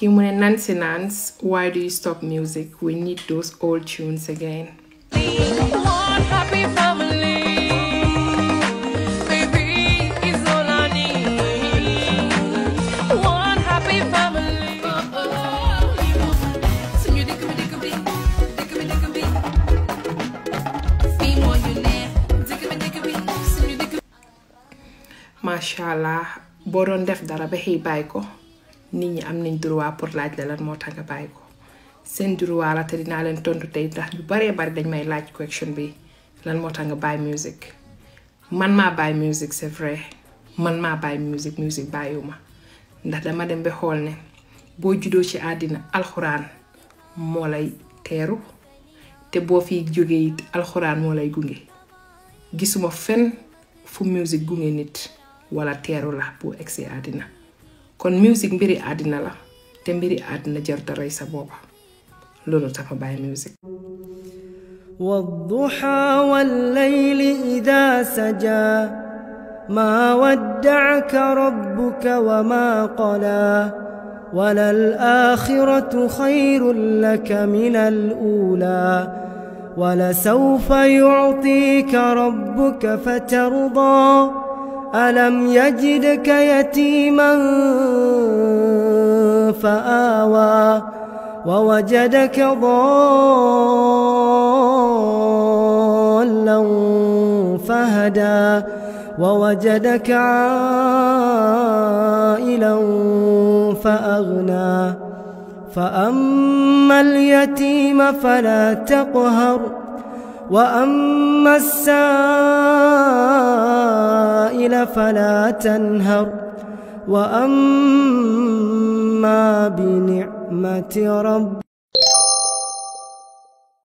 Kim Nancy Nance, Why Do You Stop Music? We need those old tunes again. macha boron boo doon def dara ba xëy nit ñi am nañ droit pour laaj la lan moo tax nga bàyyi ko seen droit la te dinaa leen tontu tey ndax ñu baree bari dañ may laaj question bi lan moo tàng nga bàyyi musique man maa bàyyi musique c'est vrai man maa bàyyi musique musique bàyyiwuma ndax dama dem bi xool ne boo juddoo ci àddina alxuraan moo lay teeru te boo fi jógee it alxuraan moo lay gunge gisuma fen fu musique gunge nit wala teeru la boo egsee àddina kon music mbiri adina la te mbiri àddina jaruta rey sa boba lolu tax ma bàyyi والضحى والليل إذا سجى ما ودعك ربك وما قلى وللآخرة خير لك من الأولى ولسوف يعطيك ربك فترضى ألم يجدك يتيما فآوى ووجدك ضالا فهدى ووجدك عائلا فأغنى فأما اليتيم فلا تقهر وأما السائل الخيل فلا تنهر وأما بنعمة رب